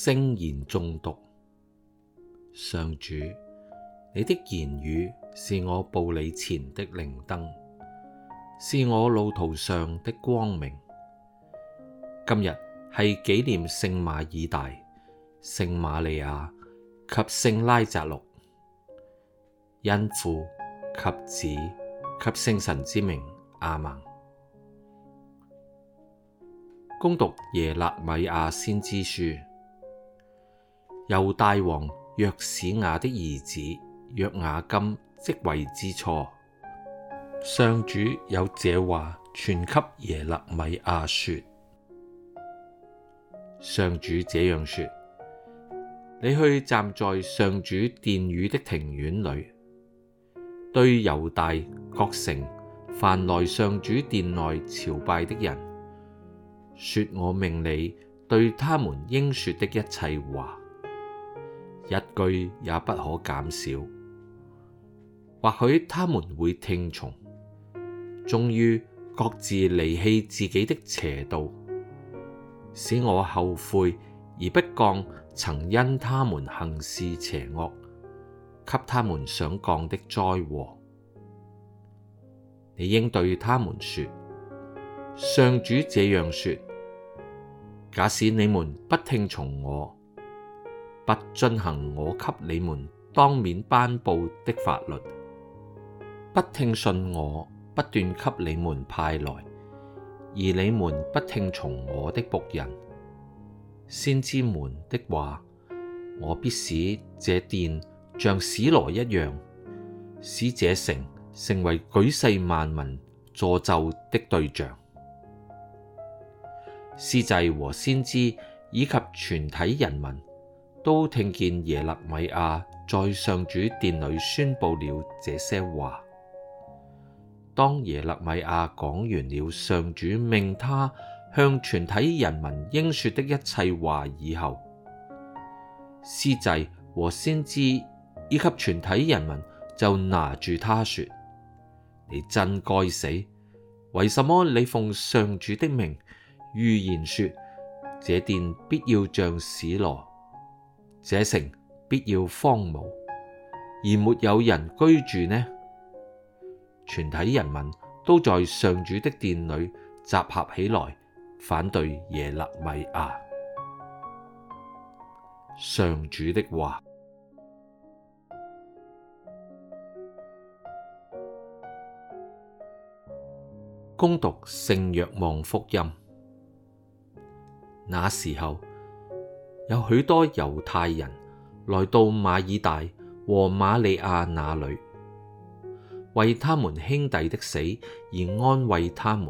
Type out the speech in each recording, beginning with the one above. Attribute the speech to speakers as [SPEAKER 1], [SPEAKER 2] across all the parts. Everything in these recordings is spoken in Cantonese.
[SPEAKER 1] 聖言誦讀。上主，你的言語是我步履前的靈燈，是我路途上的光明。今日係紀念聖瑪爾大、聖瑪利亞及聖拉匝祿，因父及子及聖神之名，亞孟。恭讀耶肋米亞先知書。猶大王約史雅的兒子約雅金即位之初。上主有這話，傳給耶肋米亞說：上主這樣說，你去站在上主殿宇的庭院裏，對猶大各城凡來上主殿內朝拜的人，說我命你對他們應說的一切話。一句也不可減少，或許他們會聽從，終於各自離棄自己的邪道，使我後悔而不降曾因他們行事邪惡，給他們想降的災禍。你應對他們說：上主這樣說，假使你們不聽從我。不遵行我給你們當面頒佈的法律，不聽信我不斷給你們派來，而你們不聽從我的僕人先知們的話，我必使這殿像史羅一樣，使這城成為舉世萬民詛咒的對象。司祭和先知以及全體人民，都聽見耶肋米亞在上主殿裏宣布了這些話。當耶肋米亞講完了上主命他向全體人民應說的一切話以後，司祭和先知以及全體人民就拿住他說：你真該死！為什麼你奉上主的名預言說這殿必要像史羅？這城必要荒蕪，而沒有人居住呢？全體人民都在上主的殿裏集合起來，反對耶肋米亞。上主的話：恭讀聖若望福音。那時候。有許多猶太人來到馬爾大和馬利亞那裏，為他們兄弟的死而安慰他們。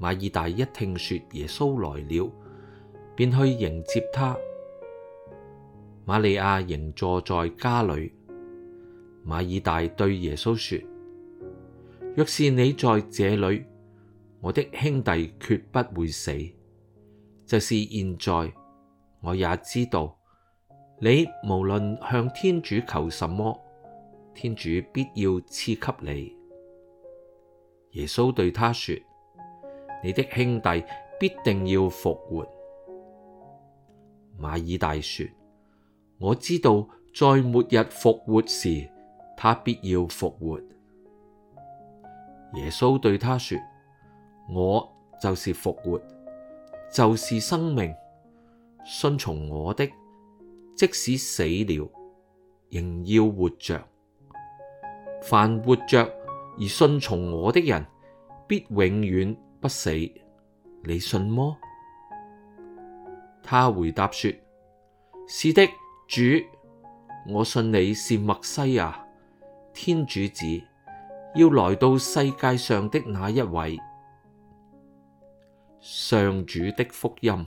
[SPEAKER 1] 馬爾大一聽說耶穌來了，便去迎接他。馬利亞仍坐在家裏。馬爾大對耶穌說：若是你在這裏，我的兄弟決不會死。就是現在，我也知道你無論向天主求什麼，天主必要賜給你。耶穌對他說：你的兄弟必定要復活。瑪爾大說：我知道，在末日復活時，他必要復活。耶穌對他說：我就是復活。就是生命，信從我的，即使死了，仍要活着。凡活着而信從我的人，必永遠不死。你信麼？他回答說：是的，主，我信你是默西亞、天主子，要來到世界上的那一位。上主的福音。